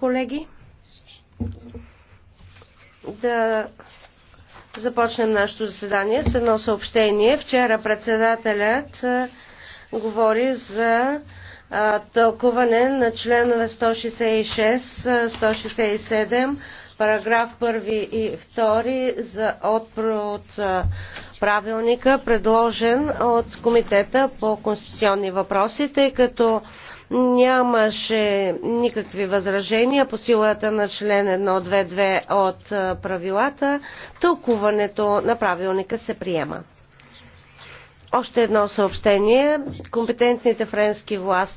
колеги, да започнем нашето заседание с едно съобщение. Вчера председателят говори за тълкуване на членове 166, 167, параграф 1 и 2 за отпрод правилника, предложен от Комитета по конституционни въпроси, тъй като Нямаше никакви възражения по силата на член 122 от правилата. Тълкуването на правилника се приема. Още едно съобщение. Компетентните френски власти